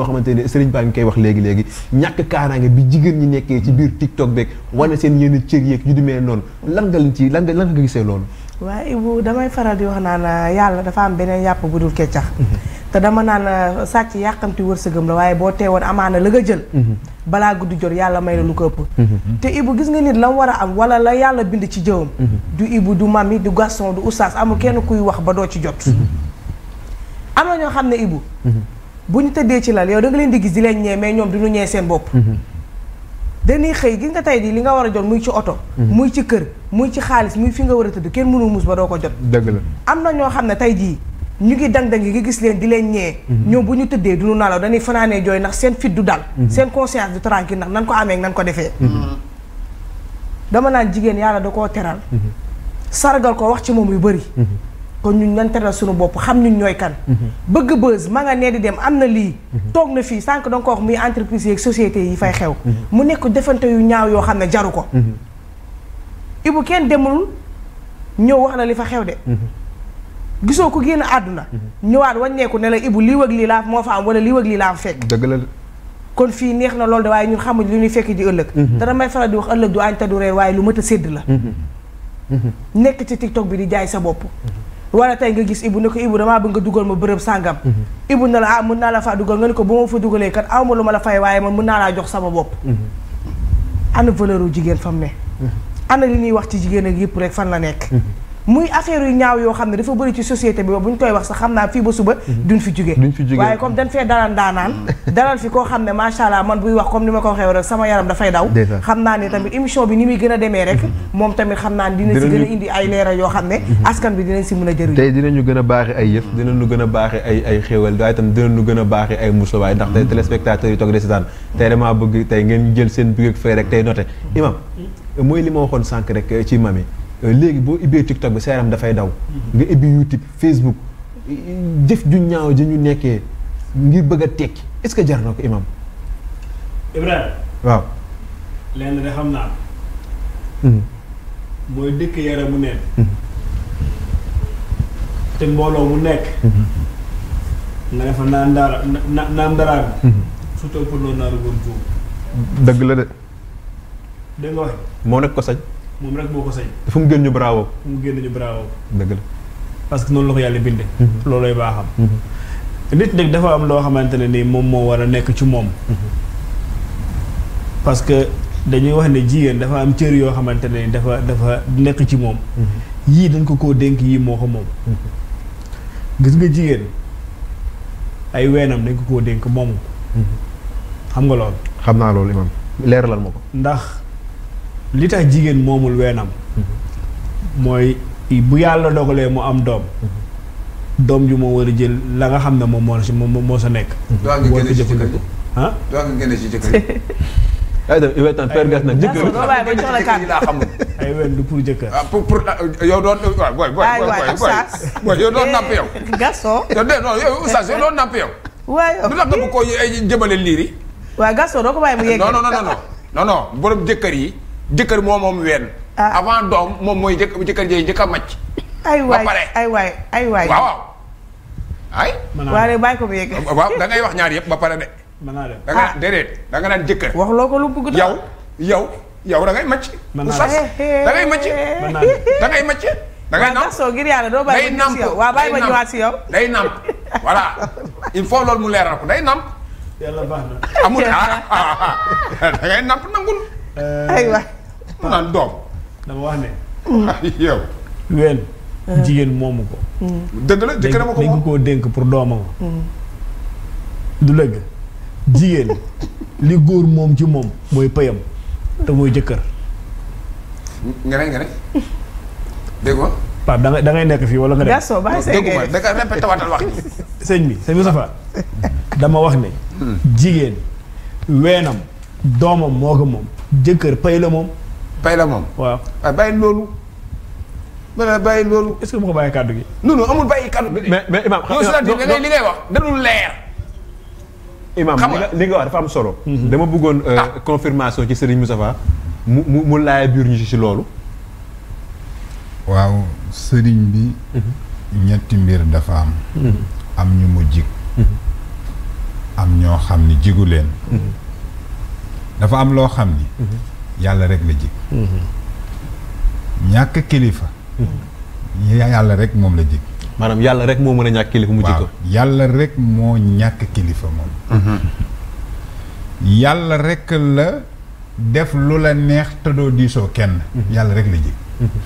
loo xamante ne Serigne Ba mi koy wax léegi léegi ñàkk kaaraange bi jigéen ñi nekkee ci biir TikTok beeg wane seen yenn cër yeeg yu demee noonu lan nga leen ci lan nga lan nga gisee loolu. waaw Ibou damay faral di wax naan ah, yàlla dafa am beneen yàpp bu dul keccax mhm. te dama naan ah, sàcc yàqamti wërsëgam la waaye boo teewoon amaana la nga jël mhm. balaa gudd jot yàlla may la lu ko ëpp mhm. te Ibou gis nga nit la war a am wala la yàlla bind ci jëwam du Ibou du mami du Gaston du Oustaz amul kenn kuy wax ba doo ci jot am bu ñu tëddee ci lal yow danga leen di gis di leen ñee mais ñoom du ñu ñee seen bopp. Mhm. dañuy xëy gi nga tey di li nga war a jot muy ci oto. Mhm. muy ci kër muy ci xaalis muy fi nga war a tëdd kenn mënu mus ba doo ko jot. dëgg la am na ñoo xam ne tey jii ñu ngi dang-dang yi nga gis leen di leen ñee. Mhm. ñoom bu ñu tëddee du ñu nalaw dañuy fanaanee jooy ndax seen fit du dal. seen conscience du tranquille ndax nan ko amee nan ko defee. dama naan jigéen yàlla da koo teral. sargal ko wax ci moom yu bëri. kon ñun nan teral suñu bopp xam ñun ñooy kan. Mhm. bëgg bës ma nga nee di dem am na lii. Mhm. toog na fii sànq da nga ko wax muy entreprise yeeg société yi fay xew. Mhm. mu nekk defante yu ñaaw yoo xam ne jaru ko. kenn demul ñëw na li fa xew de. gisoo ko génn àdduna. ñëwaat wàññeeku ne la Ibu lii wëg lii laa moo fa am wala lii wëg lii laa fekk. dëgg la. kon fii neex na loolu de waaye ñun xamuñ lu ñuy fekk di ëllëg. te damay faral di wax ëllëg du añ du reer waaye lu mët a sédd la. nekk ci TikTok bi di jaay sa bopp. wala tey nga gis Ibou ne ko Ibou damaa bëgg nga dugal ma bërëb sàngam mhm. Ibou na la ah mën naa la faa dugal nga ne ko bu ma fa dugalee kat awma lu ma la fay waaye man mën naa laa jox sama bopp mhm. ana valeur u jigéen fam ne mhm. ana li ñuy wax ci jigéen ak yëpp rek fan la nekk muy affaire yu ñaaw yoo xam ne dafa bëri ci société bi bu ñu koy wax sax xam naa fii ba suba mhm. duñ fi jugee duñ fi jugee waaye comme dañ fee dalal daanaan mhm. dalal fi koo xam ne macha allah man buy wax comme ni ma ko waxee rek sama yaram dafay daw xam naa ne tamit émission bi ni muy gën a demee rek mhm. moom tamit xam naa ne dina si gën a indi ay leeral yoo xam ne askan bi dinañ si mën a jëriñ tey dinañu gën a baaxee ay yëf dinañu gën a baaxee ay ay xéewal waaye itam dinañu gën a baaxee ay muslawaay ndax tey téléspectateurs yi toog di seetaan tey dama bëgg tey ngeen jël seen bigg ak fay rek tey noté imam mooy li ma waxoon sànq rek ci mami Euh, léegi boo ubbee TikTok bi sa yaram dafay daw. nga ubbi YouTube Facebook jëf ju ñaaw ji ñu nekkee ngir bëgg a tekki est-ce que jar na ko imam. Ibrahima. waaw. lenn de xam naa. Hmm. mooy dëkk yaramu neen. Hmm. te mbooloo mu nekk. Hmm. nga ne fa naan daara na naan daraan. su toog pour noonu naaru góor dëgg la de. moo nekk ko sañ. moom rek moo ko sañ. fu mu génn ñu bravo. fu mu génn ñu bravo. dëgg la parce que noonu la ko yàlla bindee. Mhm. loolooy baaxam. Mhm. nit nag dafa am loo xamante ne ni moom moo war a nekk ci moom. Mhm. parce que dañuy wax ne jigéen dafa am cër yoo xamante ne dafa dafa nekk ci moom. yii dañ ko koo dénk yii moo ko moom. gis nga jigéen ay weenam dañ ko koo dénk moomu. xam nga loolu. xam naa loolu imam leeralal ma ko. ndax. li tax jigéen moomul weenam mooy bu yàlla dogalee mu am doom doom ju moo war a jël la nga xam ne moom moo si moo sa nekk war ko jëfandikoo ah doo nga génne si jëkkër ay dem iwetaan père gas nag jëkkër laa xamul ay wen du pour jëkkër ah, pour pour ah, yow doon waay booy booy booy ko ay eh, eh, jëmale liir yi waaw gaso doo ko bàyyi mu yegg non non non non jëkkër yi jëkkër moo moom ween ah. avant doom moom mooy jëkk jëkkër jëy njëkk a màcc ay waay ay waay ay waay waaw bàyyi ko mu yegg waaw da ngay wax ñaar yëpp ba pare de da nga ah. déedéet da jëkkër wax loo ko lu bëgg yow yow yow da ngay màcc oustaz da ngay màcc da ngay màcc da namp soo ngir yàlla doo bàyyi ba yow waaw bàyyi si yow day namp voilà il mu leeral ko day namp yàlla baax na amul ah naan doom. dama wax ne. yow. ween jigéen moomu ko. dëgg la jëkkër ma ko koo dénk pour doomam. Mm. du dëgg jigéen li góor moom ci moom mooy payam te mooy jëkkër. nga ne nga ne dégg nga. Pape da ngay nekk fii wala nga dem. gasoo bàyyi sëñ bi da nga répété wax ji. bi sëñ dama wax ne. Mm. jigéen weenam doomam moo ko moom jëkkër pay la moom. pay la moom. waaw waaye ah, bàyyi loolu. mën na bàyyi loolu. est-ce que mu ko bàyyi kàddu gi. non non amul bàyyi kàddu gi. mais mais Imaam xam li ngay wax dalul leer. Imaam li nga wax dafa am solo. Mhm. dama bëggoon euh, ah. confirmation ci Serigne Moustapha mu mu mu laaya biir ñu ci loolu. waaw sëriñ bi. Mhm. ñetti mbir dafa am. Mhm. am ñu mu jig. am ñoo xam ni jigu leen. dafa am loo xam ni. yàlla rek la jig ñàkk kilifa yàlla rek moom la jig maanaam yàlla rek moo mën a ñàkk kilifa mu jig ko yàlla rek moo ñàkk kilifa moom yàlla rek la def lu la neex te doo diisoo kenn mhm. yàlla rek la jig